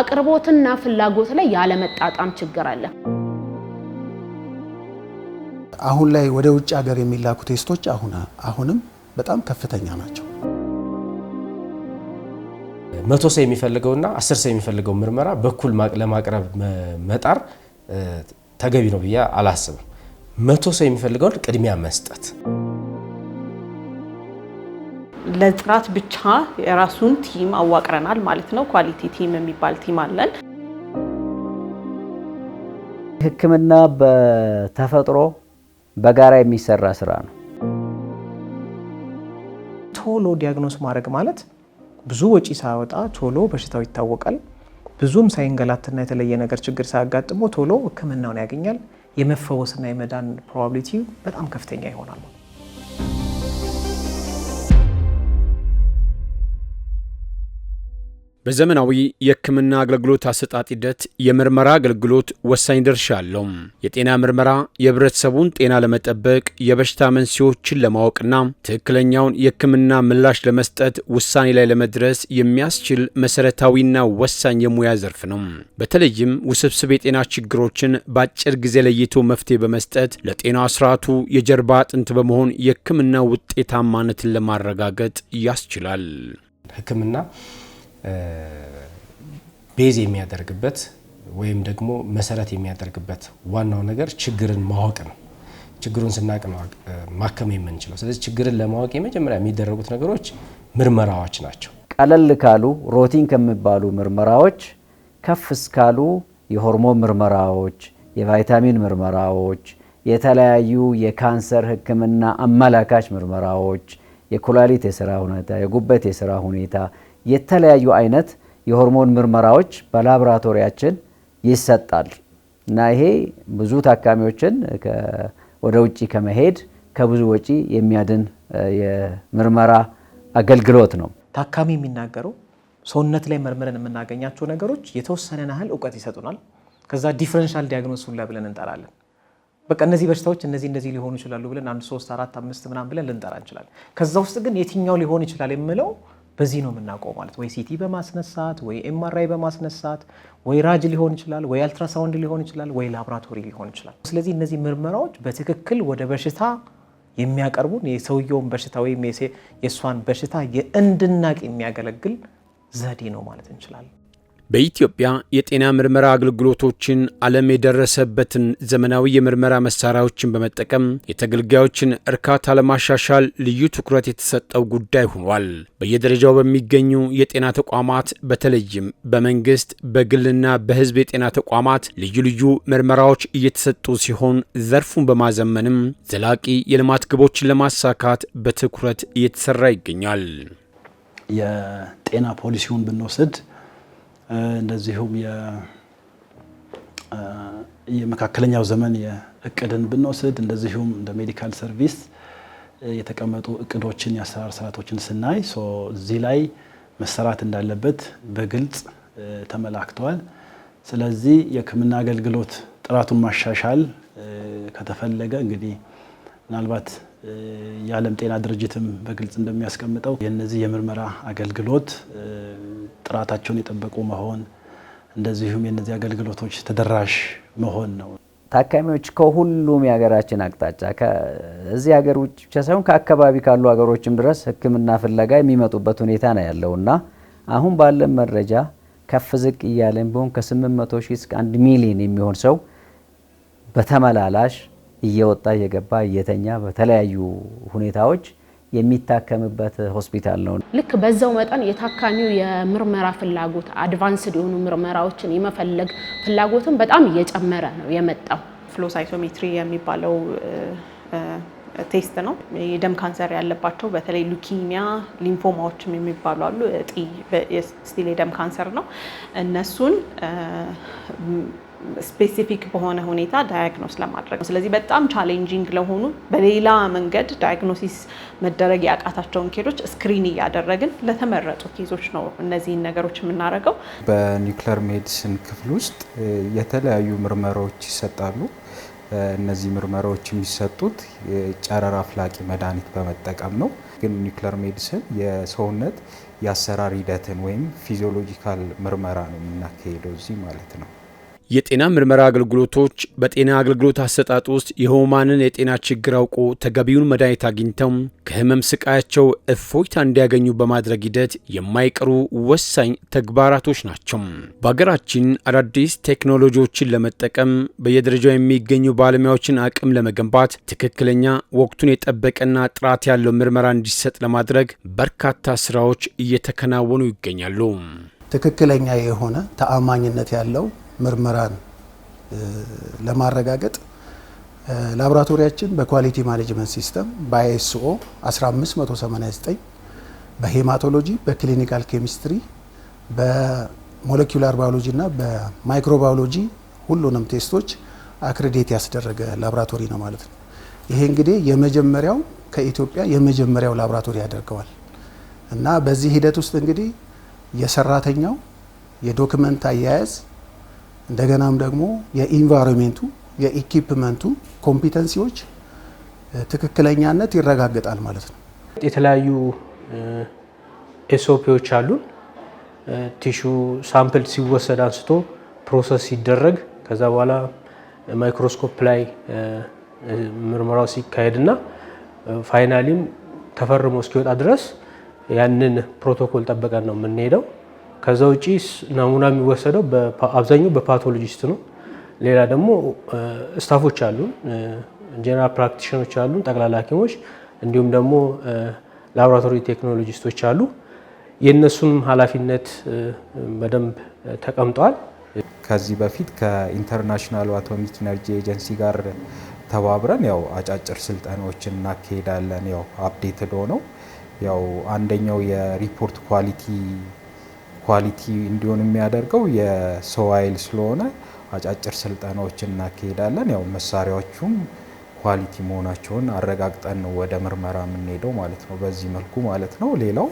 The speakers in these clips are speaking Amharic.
አቅርቦትና ፍላጎት ላይ ያለመጣጣም ችግር አለ። አሁን ላይ ወደ ውጭ ሀገር የሚላኩ ቴስቶች አሁን አሁንም በጣም ከፍተኛ ናቸው። መቶ ሰው የሚፈልገውና አስር ሰው የሚፈልገው ምርመራ በኩል ለማቅረብ መጣር ተገቢ ነው ብዬ አላስብም። መቶ ሰው የሚፈልገውን ቅድሚያ መስጠት ለጥራት ብቻ የራሱን ቲም አዋቅረናል ማለት ነው። ኳሊቲ ቲም የሚባል ቲም አለን። ሕክምና በተፈጥሮ በጋራ የሚሰራ ስራ ነው። ቶሎ ዲያግኖስ ማድረግ ማለት ብዙ ወጪ ሳያወጣ ቶሎ በሽታው ይታወቃል። ብዙም ሳይንገላትና የተለየ ነገር ችግር ሳያጋጥሞ ቶሎ ሕክምናውን ያገኛል። የመፈወስና የመዳን ፕሮባቢሊቲ በጣም ከፍተኛ ይሆናል። በዘመናዊ የሕክምና አገልግሎት አሰጣጥ ሂደት የምርመራ አገልግሎት ወሳኝ ድርሻ አለው። የጤና ምርመራ የህብረተሰቡን ጤና ለመጠበቅ የበሽታ መንስኤዎችን ለማወቅና ትክክለኛውን የሕክምና ምላሽ ለመስጠት ውሳኔ ላይ ለመድረስ የሚያስችል መሰረታዊና ወሳኝ የሙያ ዘርፍ ነው። በተለይም ውስብስብ የጤና ችግሮችን በአጭር ጊዜ ለይቶ መፍትሄ በመስጠት ለጤና ስርዓቱ የጀርባ አጥንት በመሆን የሕክምና ውጤታማነትን ለማረጋገጥ ያስችላል። ሕክምና ቤዝ የሚያደርግበት ወይም ደግሞ መሰረት የሚያደርግበት ዋናው ነገር ችግርን ማወቅ ነው። ችግሩን ስናቅ ነው ማከም የምንችለው። ስለዚህ ችግርን ለማወቅ የመጀመሪያ የሚደረጉት ነገሮች ምርመራዎች ናቸው። ቀለል ካሉ ሮቲን ከሚባሉ ምርመራዎች ከፍ እስካሉ የሆርሞን ምርመራዎች፣ የቫይታሚን ምርመራዎች፣ የተለያዩ የካንሰር ሕክምና አመላካች ምርመራዎች፣ የኩላሊት የስራ ሁኔታ፣ የጉበት የስራ ሁኔታ የተለያዩ አይነት የሆርሞን ምርመራዎች በላብራቶሪያችን ይሰጣል እና ይሄ ብዙ ታካሚዎችን ወደ ውጭ ከመሄድ ከብዙ ወጪ የሚያድን የምርመራ አገልግሎት ነው። ታካሚ የሚናገረው ሰውነት ላይ መርምረን የምናገኛቸው ነገሮች የተወሰነን ያህል እውቀት ይሰጡናል። ከዛ ዲፍረንሻል ዲያግኖሱን ላይ ብለን እንጠራለን። በቃ እነዚህ በሽታዎች እነዚህ እነዚህ ሊሆኑ ይችላሉ ብለን አንድ ሶስት አራት አምስት ምናምን ብለን ልንጠራ እንችላለን። ከዛ ውስጥ ግን የትኛው ሊሆን ይችላል የምለው በዚህ ነው የምናውቀው ማለት ወይ ሲቲ በማስነሳት ወይ ኤምአርአይ በማስነሳት ወይ ራጅ ሊሆን ይችላል ወይ አልትራሳውንድ ሊሆን ይችላል ወይ ላብራቶሪ ሊሆን ይችላል። ስለዚህ እነዚህ ምርመራዎች በትክክል ወደ በሽታ የሚያቀርቡን የሰውየውን በሽታ ወይም የእሷን በሽታ እንድናቅ የሚያገለግል ዘዴ ነው ማለት እንችላለን። በኢትዮጵያ የጤና ምርመራ አገልግሎቶችን ዓለም የደረሰበትን ዘመናዊ የምርመራ መሳሪያዎችን በመጠቀም የተገልጋዮችን እርካታ ለማሻሻል ልዩ ትኩረት የተሰጠው ጉዳይ ሆኗል። በየደረጃው በሚገኙ የጤና ተቋማት በተለይም በመንግስት በግልና በሕዝብ የጤና ተቋማት ልዩ ልዩ ምርመራዎች እየተሰጡ ሲሆን ዘርፉን በማዘመንም ዘላቂ የልማት ግቦችን ለማሳካት በትኩረት እየተሰራ ይገኛል። የጤና ፖሊሲውን ብንወስድ እንደዚሁም የመካከለኛው ዘመን እቅድን ብንወስድ እንደዚሁም እንደ ሜዲካል ሰርቪስ የተቀመጡ እቅዶችን የአሰራር ስርዓቶችን ስናይ እዚህ ላይ መሰራት እንዳለበት በግልጽ ተመላክተዋል። ስለዚህ የሕክምና አገልግሎት ጥራቱን ማሻሻል ከተፈለገ እንግዲህ ምናልባት የዓለም ጤና ድርጅትም በግልጽ እንደሚያስቀምጠው የነዚህ የምርመራ አገልግሎት ጥራታቸውን የጠበቁ መሆን እንደዚሁም የነዚህ አገልግሎቶች ተደራሽ መሆን ነው። ታካሚዎች ከሁሉም የሀገራችን አቅጣጫ እዚህ ሀገር ውጭ ብቻ ሳይሆን ከአካባቢ ካሉ ሀገሮችም ድረስ ሕክምና ፍለጋ የሚመጡበት ሁኔታ ነው ያለው እና አሁን ባለን መረጃ ከፍ ዝቅ እያለን ቢሆን ከ800 ሺህ እስከ 1 ሚሊዮን የሚሆን ሰው በተመላላሽ እየወጣ እየገባ እየተኛ በተለያዩ ሁኔታዎች የሚታከምበት ሆስፒታል ነው። ልክ በዛው መጠን የታካሚው የምርመራ ፍላጎት አድቫንስድ የሆኑ ምርመራዎችን የመፈለግ ፍላጎትን በጣም እየጨመረ ነው የመጣው። ፍሎሳይቶሜትሪ የሚባለው ቴስት ነው። የደም ካንሰር ያለባቸው በተለይ ሉኪሚያ፣ ሊምፎማዎችም የሚባሉ አሉ። እጢ ስቲል የደም ካንሰር ነው። እነሱን ስፔሲፊክ በሆነ ሁኔታ ዳያግኖስ ለማድረግ ነው። ስለዚህ በጣም ቻሌንጂንግ ለሆኑ በሌላ መንገድ ዳያግኖሲስ መደረግ ያቃታቸውን ኬዞች ስክሪን እያደረግን ለተመረጡ ኬዞች ነው እነዚህን ነገሮች የምናደርገው። በኒውክለር ሜዲሲን ክፍል ውስጥ የተለያዩ ምርመራዎች ይሰጣሉ። እነዚህ ምርመራዎች የሚሰጡት ጨረር አፍላቂ መድኃኒት በመጠቀም ነው። ግን ኒውክለር ሜዲሲን የሰውነት የአሰራር ሂደትን ወይም ፊዚዮሎጂካል ምርመራ ነው የምናካሄደው እዚህ ማለት ነው። የጤና ምርመራ አገልግሎቶች በጤና አገልግሎት አሰጣጥ ውስጥ የህሙማንን የጤና ችግር አውቆ ተገቢውን መድኃኒት አግኝተው ከህመም ስቃያቸው እፎይታ እንዲያገኙ በማድረግ ሂደት የማይቀሩ ወሳኝ ተግባራቶች ናቸው። በሀገራችን አዳዲስ ቴክኖሎጂዎችን ለመጠቀም በየደረጃው የሚገኙ ባለሙያዎችን አቅም ለመገንባት ትክክለኛ ወቅቱን የጠበቀና ጥራት ያለው ምርመራ እንዲሰጥ ለማድረግ በርካታ ስራዎች እየተከናወኑ ይገኛሉ። ትክክለኛ የሆነ ተአማኝነት ያለው ምርመራን ለማረጋገጥ ላቦራቶሪያችን በኳሊቲ ማኔጅመንት ሲስተም በአይኤስኦ 1589 በሄማቶሎጂ በክሊኒካል ኬሚስትሪ በሞለኪውላር ባዮሎጂ እና በማይክሮባዮሎጂ ሁሉንም ቴስቶች አክሬዲት ያስደረገ ላቦራቶሪ ነው ማለት ነው። ይሄ እንግዲህ የመጀመሪያው ከኢትዮጵያ የመጀመሪያው ላቦራቶሪ ያደርገዋል እና በዚህ ሂደት ውስጥ እንግዲህ የሰራተኛው የዶክመንት አያያዝ እንደገናም ደግሞ የኢንቫይሮንሜንቱ የኢኩፕመንቱ ኮምፒተንሲዎች ትክክለኛነት ይረጋገጣል ማለት ነው። የተለያዩ ኤስኦፒዎች አሉን። ቲሹ ሳምፕል ሲወሰድ አንስቶ ፕሮሰስ ሲደረግ ከዛ በኋላ ማይክሮስኮፕ ላይ ምርመራው ሲካሄድና ፋይናሊም ተፈርሞ እስኪወጣ ድረስ ያንን ፕሮቶኮል ጠበቀን ነው የምንሄደው። ከዛ ውጪ ናሙና የሚወሰደው አብዛኛው በፓቶሎጂስት ነው። ሌላ ደግሞ ስታፎች አሉ፣ ጀነራል ፕራክቲሽኖች አሉ፣ ጠቅላላ ሐኪሞች እንዲሁም ደግሞ ላቦራቶሪ ቴክኖሎጂስቶች አሉ። የእነሱንም ኃላፊነት በደንብ ተቀምጧል። ከዚህ በፊት ከኢንተርናሽናሉ አቶሚክ ኢነርጂ ኤጀንሲ ጋር ተባብረን ያው አጫጭር ስልጠናዎችን እናካሄዳለን። ያው አፕዴትድ ሆነው ያው አንደኛው የሪፖርት ኳሊቲ ኳሊቲ እንዲሆን የሚያደርገው የሰው ኃይል ስለሆነ አጫጭር ስልጠናዎችን እናካሄዳለን። ያው መሳሪያዎቹም ኳሊቲ መሆናቸውን አረጋግጠን ነው ወደ ምርመራ የምንሄደው ማለት ነው። በዚህ መልኩ ማለት ነው። ሌላው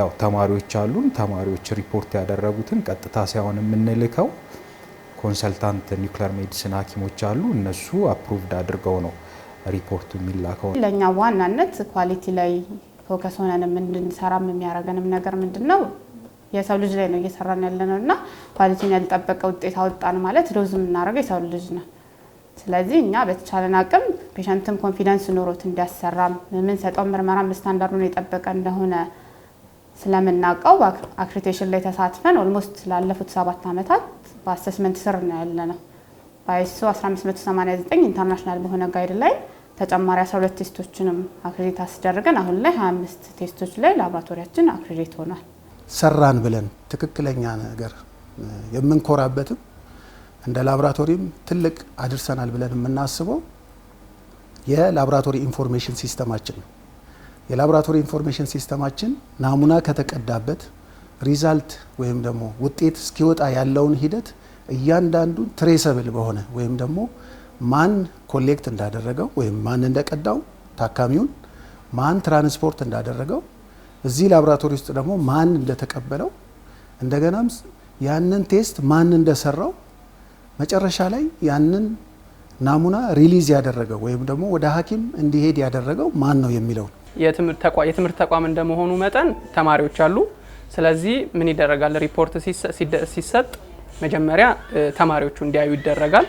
ያው ተማሪዎች አሉን። ተማሪዎች ሪፖርት ያደረጉትን ቀጥታ ሳይሆን የምንልከው ኮንሰልታንት ኒውክሌር ሜዲሲን ሐኪሞች አሉ። እነሱ አፕሩቭድ አድርገው ነው ሪፖርቱ የሚላከው። ለእኛ ዋናነት ኳሊቲ ላይ ፎከስ ሆነን የምንሰራ የሚያደርገንም ነገር ምንድን ነው የሰው ልጅ ላይ ነው እየሰራን ያለ ነው እና ኳሊቲን ያልጠበቀ ውጤት አወጣን ማለት ሎዝ የምናደርገው የሰው ልጅ ነው። ስለዚህ እኛ በተቻለን አቅም ፔሸንትም ኮንፊደንስ ኖሮት እንዲያሰራም የምንሰጠው ምርመራም ስታንዳርዱን የጠበቀ እንደሆነ ስለምናውቀው አክሬዲቴሽን ላይ ተሳትፈን ኦልሞስት ላለፉት ሰባት ዓመታት በአሰስመንት ስር ነው ያለ ነው። በአይሶ 1589 ኢንተርናሽናል በሆነ ጋይድ ላይ ተጨማሪ 12 ቴስቶችንም አክሬዲት አስደርገን አሁን ላይ 25 ቴስቶች ላይ ላቦራቶሪያችን አክሬዲት ሆኗል። ሰራን ብለን ትክክለኛ ነገር የምንኮራበትም እንደ ላቦራቶሪም ትልቅ አድርሰናል ብለን የምናስበው የላቦራቶሪ ኢንፎርሜሽን ሲስተማችን ነው። የላቦራቶሪ ኢንፎርሜሽን ሲስተማችን ናሙና ከተቀዳበት ሪዛልት ወይም ደግሞ ውጤት እስኪወጣ ያለውን ሂደት እያንዳንዱን ትሬሰብል በሆነ ወይም ደግሞ ማን ኮሌክት እንዳደረገው ወይም ማን እንደቀዳው ታካሚውን ማን ትራንስፖርት እንዳደረገው እዚህ ላብራቶሪ ውስጥ ደግሞ ማን እንደተቀበለው እንደገናም ያንን ቴስት ማን እንደሰራው መጨረሻ ላይ ያንን ናሙና ሪሊዝ ያደረገው ወይም ደግሞ ወደ ሐኪም እንዲሄድ ያደረገው ማን ነው የሚለው የትምህርት ተቋም እንደመሆኑ መጠን ተማሪዎች አሉ። ስለዚህ ምን ይደረጋል? ሪፖርት ሲሰጥ መጀመሪያ ተማሪዎቹ እንዲያዩ ይደረጋል።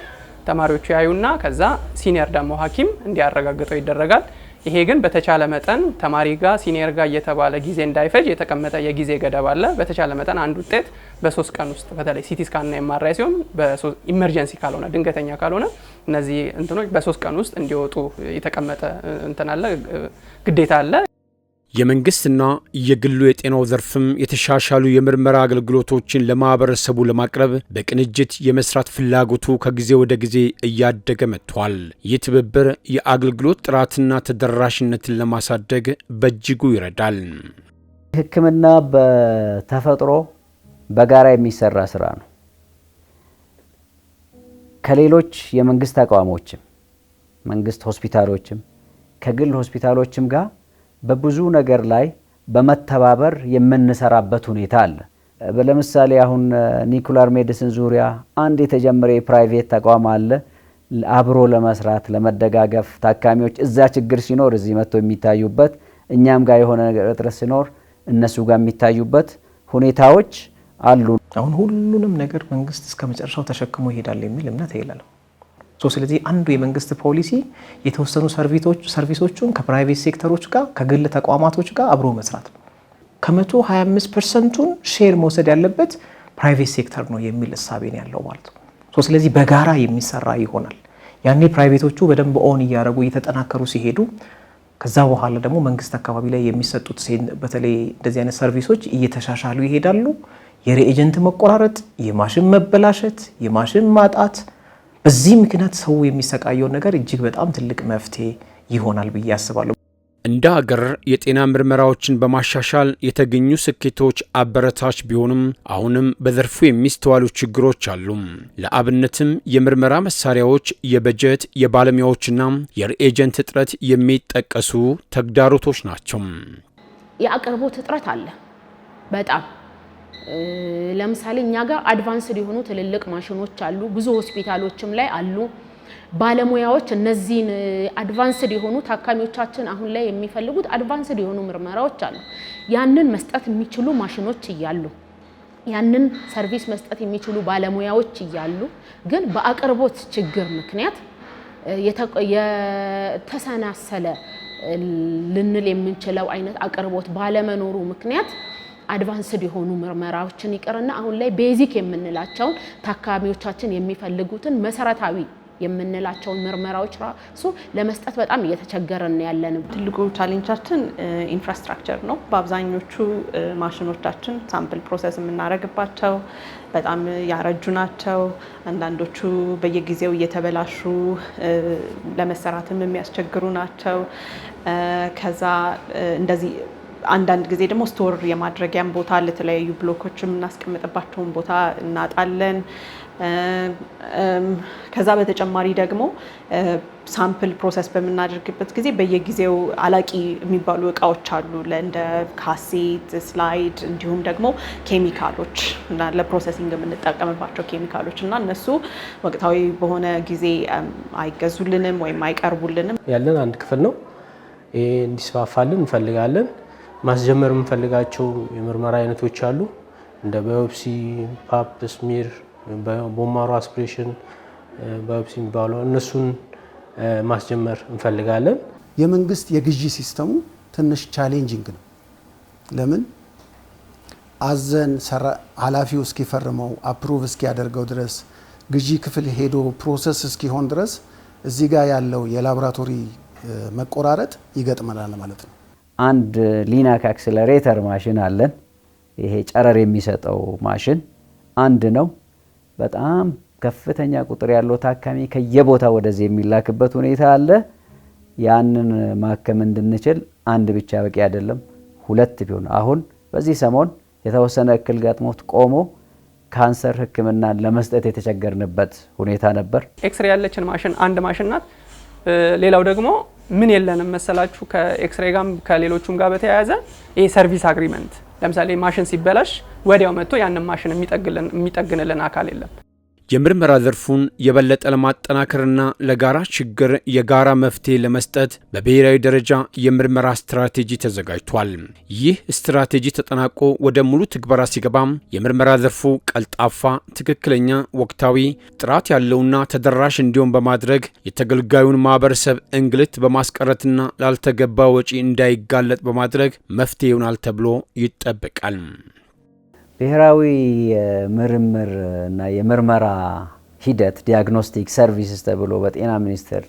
ተማሪዎቹ ያዩና ከዛ ሲኒየር ደግሞ ሐኪም እንዲያረጋግጠው ይደረጋል። ይሄ ግን በተቻለ መጠን ተማሪ ጋር ሲኒየር ጋር እየተባለ ጊዜ እንዳይፈጅ የተቀመጠ የጊዜ ገደብ አለ። በተቻለ መጠን አንድ ውጤት በሶስት ቀን ውስጥ በተለይ ሲቲ ስካንና የማራይ ሲሆን ኢመርጀንሲ ካልሆነ ድንገተኛ ካልሆነ እነዚህ እንትኖች በሶስት ቀን ውስጥ እንዲወጡ የተቀመጠ እንትን አለ፣ ግዴታ አለ። የመንግስትና የግሉ የጤናው ዘርፍም የተሻሻሉ የምርመራ አገልግሎቶችን ለማህበረሰቡ ለማቅረብ በቅንጅት የመስራት ፍላጎቱ ከጊዜ ወደ ጊዜ እያደገ መጥቷል። ይህ ትብብር የአገልግሎት ጥራትና ተደራሽነትን ለማሳደግ በእጅጉ ይረዳል። ሕክምና በተፈጥሮ በጋራ የሚሰራ ስራ ነው። ከሌሎች የመንግስት ተቋሞችም መንግስት ሆስፒታሎችም ከግል ሆስፒታሎችም ጋር በብዙ ነገር ላይ በመተባበር የምንሰራበት ሁኔታ አለ። ለምሳሌ አሁን ኒኩላር ሜዲሲን ዙሪያ አንድ የተጀመረ የፕራይቬት ተቋም አለ። አብሮ ለመስራት ለመደጋገፍ፣ ታካሚዎች እዛ ችግር ሲኖር እዚህ መቶ የሚታዩበት፣ እኛም ጋር የሆነ እጥረት ሲኖር እነሱ ጋር የሚታዩበት ሁኔታዎች አሉ። አሁን ሁሉንም ነገር መንግስት እስከ መጨረሻው ተሸክሞ ይሄዳል የሚል እምነት ይላለሁ። ስለዚህ አንዱ የመንግስት ፖሊሲ የተወሰኑ ሰርቪሶቹን ከፕራይቬት ሴክተሮች ጋር ከግል ተቋማቶች ጋር አብሮ መስራት ነው። ከመቶ 25 ፐርሰንቱን ሼር መውሰድ ያለበት ፕራይቬት ሴክተር ነው የሚል እሳቤ ያለው ማለት ነው። ስለዚህ በጋራ የሚሰራ ይሆናል። ያኔ ፕራይቬቶቹ በደንብ ኦን እያደረጉ እየተጠናከሩ ሲሄዱ ከዛ በኋላ ደግሞ መንግስት አካባቢ ላይ የሚሰጡት በተለይ እንደዚህ አይነት ሰርቪሶች እየተሻሻሉ ይሄዳሉ። የሬኤጀንት መቆራረጥ፣ የማሽን መበላሸት፣ የማሽን ማጣት በዚህ ምክንያት ሰው የሚሰቃየውን ነገር እጅግ በጣም ትልቅ መፍትሄ ይሆናል ብዬ አስባለሁ። እንደ አገር የጤና ምርመራዎችን በማሻሻል የተገኙ ስኬቶች አበረታች ቢሆንም አሁንም በዘርፉ የሚስተዋሉ ችግሮች አሉ። ለአብነትም የምርመራ መሳሪያዎች፣ የበጀት፣ የባለሙያዎችና የሪኤጀንት እጥረት የሚጠቀሱ ተግዳሮቶች ናቸው። የአቅርቦት እጥረት አለ በጣም ለምሳሌ እኛ ጋር አድቫንስድ የሆኑ ትልልቅ ማሽኖች አሉ፣ ብዙ ሆስፒታሎችም ላይ አሉ። ባለሙያዎች እነዚህን አድቫንስድ የሆኑ ታካሚዎቻችን አሁን ላይ የሚፈልጉት አድቫንስድ የሆኑ ምርመራዎች አሉ። ያንን መስጠት የሚችሉ ማሽኖች እያሉ ያንን ሰርቪስ መስጠት የሚችሉ ባለሙያዎች እያሉ ግን በአቅርቦት ችግር ምክንያት የተሰናሰለ ልንል የምንችለው አይነት አቅርቦት ባለመኖሩ ምክንያት አድቫንስድ የሆኑ ምርመራዎችን ይቅርና አሁን ላይ ቤዚክ የምንላቸውን ታካሚዎቻችን የሚፈልጉትን መሰረታዊ የምንላቸውን ምርመራዎች ራሱ ለመስጠት በጣም እየተቸገረን ያለን። ትልቁ ቻሌንጃችን ኢንፍራስትራክቸር ነው። በአብዛኞቹ ማሽኖቻችን ሳምፕል ፕሮሰስ የምናደርግባቸው በጣም ያረጁ ናቸው። አንዳንዶቹ በየጊዜው እየተበላሹ ለመሰራትም የሚያስቸግሩ ናቸው። ከዛ እንደዚህ አንዳንድ ጊዜ ደግሞ ስቶር የማድረጊያም ቦታ ለተለያዩ ብሎኮች የምናስቀምጥባቸውን ቦታ እናጣለን። ከዛ በተጨማሪ ደግሞ ሳምፕል ፕሮሰስ በምናደርግበት ጊዜ በየጊዜው አላቂ የሚባሉ እቃዎች አሉ፣ እንደ ካሴት፣ ስላይድ እንዲሁም ደግሞ ኬሚካሎች ለፕሮሰሲንግ የምንጠቀምባቸው ኬሚካሎች እና እነሱ ወቅታዊ በሆነ ጊዜ አይገዙልንም ወይም አይቀርቡልንም። ያለን አንድ ክፍል ነው። ይሄ እንዲስፋፋልን እንፈልጋለን። ማስጀመር የምንፈልጋቸው የምርመራ አይነቶች አሉ። እንደ ባዮፕሲ፣ ፓፕ ስሚር፣ ቦማሮ አስፕሬሽን ባዮፕሲ የሚባለው እነሱን ማስጀመር እንፈልጋለን። የመንግስት የግዢ ሲስተሙ ትንሽ ቻሌንጂንግ ነው። ለምን አዘን ኃላፊው እስኪፈርመው አፕሩቭ እስኪያደርገው ድረስ ግዢ ክፍል ሄዶ ፕሮሰስ እስኪሆን ድረስ እዚህ ጋር ያለው የላቦራቶሪ መቆራረጥ ይገጥመናል ማለት ነው። አንድ ሊናክ አክስለሬተር ማሽን አለን። ይሄ ጨረር የሚሰጠው ማሽን አንድ ነው። በጣም ከፍተኛ ቁጥር ያለው ታካሚ ከየቦታ ወደዚህ የሚላክበት ሁኔታ አለ። ያንን ማከም እንድንችል አንድ ብቻ በቂ አይደለም፣ ሁለት ቢሆን። አሁን በዚህ ሰሞን የተወሰነ እክል ገጥሞት ቆሞ ካንሰር ሕክምና ለመስጠት የተቸገርንበት ሁኔታ ነበር። ኤክስሬ ያለችን ማሽን አንድ ማሽን ናት። ሌላው ደግሞ ምን የለንም መሰላችሁ ከኤክስሬ ጋም ከሌሎቹም ጋር በተያያዘ ይሄ ሰርቪስ አግሪመንት ለምሳሌ ማሽን ሲበላሽ ወዲያው መጥቶ ያንን ማሽን የሚጠግንልን አካል የለም። የምርመራ ዘርፉን የበለጠ ለማጠናከርና ለጋራ ችግር የጋራ መፍትሄ ለመስጠት በብሔራዊ ደረጃ የምርመራ ስትራቴጂ ተዘጋጅቷል። ይህ ስትራቴጂ ተጠናቆ ወደ ሙሉ ትግበራ ሲገባም የምርመራ ዘርፉ ቀልጣፋ፣ ትክክለኛ፣ ወቅታዊ፣ ጥራት ያለውና ተደራሽ እንዲሆን በማድረግ የተገልጋዩን ማህበረሰብ እንግልት በማስቀረትና ላልተገባ ወጪ እንዳይጋለጥ በማድረግ መፍትሄ ይሆናል ተብሎ ይጠበቃል። ብሔራዊ የምርምር እና የምርመራ ሂደት ዲያግኖስቲክ ሰርቪስስ ተብሎ በጤና ሚኒስቴር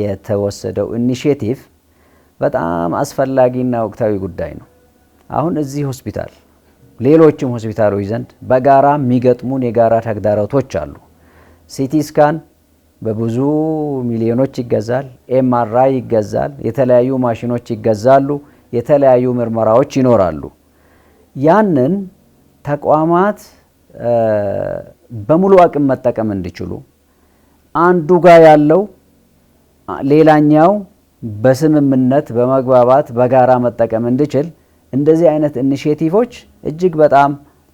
የተወሰደው ኢኒሽቲቭ በጣም አስፈላጊና ወቅታዊ ጉዳይ ነው። አሁን እዚህ ሆስፒታል፣ ሌሎችም ሆስፒታሎች ዘንድ በጋራ የሚገጥሙን የጋራ ተግዳሮቶች አሉ። ሲቲ ስካን በብዙ ሚሊዮኖች ይገዛል። ኤምአርአይ ይገዛል። የተለያዩ ማሽኖች ይገዛሉ። የተለያዩ ምርመራዎች ይኖራሉ። ያንን ተቋማት በሙሉ አቅም መጠቀም እንዲችሉ አንዱ ጋር ያለው ሌላኛው በስምምነት በመግባባት በጋራ መጠቀም እንዲችል እንደዚህ አይነት ኢኒሼቲቮች እጅግ በጣም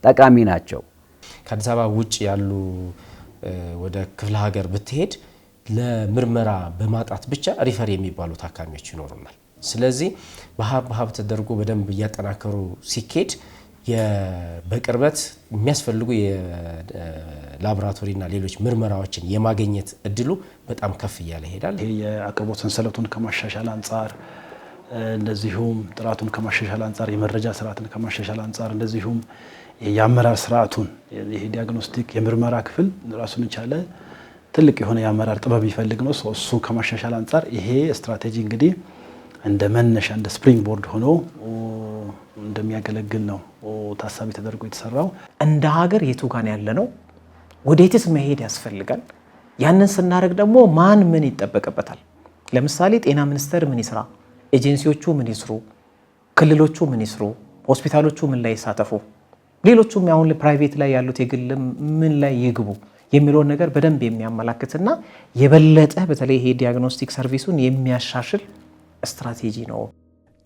ጠቃሚ ናቸው። ከአዲስ አበባ ውጭ ያሉ ወደ ክፍለ ሀገር ብትሄድ ለምርመራ በማጣት ብቻ ሪፈር የሚባሉ ታካሚዎች ይኖሩናል። ስለዚህ በሀብ ሀብ ተደርጎ በደንብ እያጠናከሩ ሲኬድ በቅርበት የሚያስፈልጉ የላቦራቶሪና ሌሎች ምርመራዎችን የማግኘት እድሉ በጣም ከፍ እያለ ይሄዳል። የአቅርቦት ሰንሰለቱን ከማሻሻል አንጻር እንደዚሁም ጥራቱን ከማሻሻል አንጻር የመረጃ ስርዓትን ከማሻሻል አንጻር እንደዚሁም የአመራር ስርዓቱን ይሄ ዲያግኖስቲክ የምርመራ ክፍል ራሱን የቻለ ትልቅ የሆነ የአመራር ጥበብ የሚፈልግ ነው። እሱ ከማሻሻል አንጻር ይሄ ስትራቴጂ እንግዲህ እንደ መነሻ እንደ ስፕሪንግ ቦርድ ሆኖ እንደሚያገለግል ነው ታሳቢ ተደርጎ የተሰራው። እንደ ሀገር የቱ ጋን ያለ ነው፣ ወዴትስ መሄድ ያስፈልጋል፣ ያንን ስናደርግ ደግሞ ማን ምን ይጠበቅበታል? ለምሳሌ ጤና ሚኒስቴር ምን ይስራ፣ ኤጀንሲዎቹ ምን ይስሩ፣ ክልሎቹ ምን ይስሩ፣ ሆስፒታሎቹ ምን ላይ ይሳተፉ፣ ሌሎቹም አሁን ፕራይቬት ላይ ያሉት የግል ምን ላይ ይግቡ የሚለውን ነገር በደንብ የሚያመላክትና የበለጠ በተለይ ይሄ ዲያግኖስቲክ ሰርቪሱን የሚያሻሽል ስትራቴጂ ነው።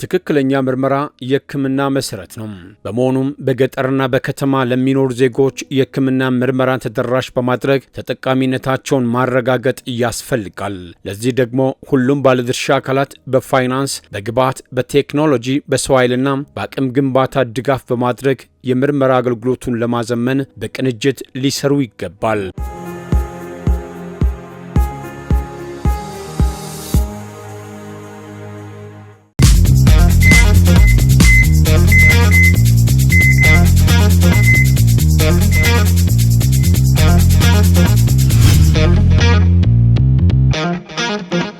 ትክክለኛ ምርመራ የህክምና መሰረት ነው። በመሆኑም በገጠርና በከተማ ለሚኖሩ ዜጎች የህክምና ምርመራ ተደራሽ በማድረግ ተጠቃሚነታቸውን ማረጋገጥ ያስፈልጋል። ለዚህ ደግሞ ሁሉም ባለድርሻ አካላት በፋይናንስ፣ በግብዓት፣ በቴክኖሎጂ፣ በሰው ኃይልና በአቅም ግንባታ ድጋፍ በማድረግ የምርመራ አገልግሎቱን ለማዘመን በቅንጅት ሊሰሩ ይገባል።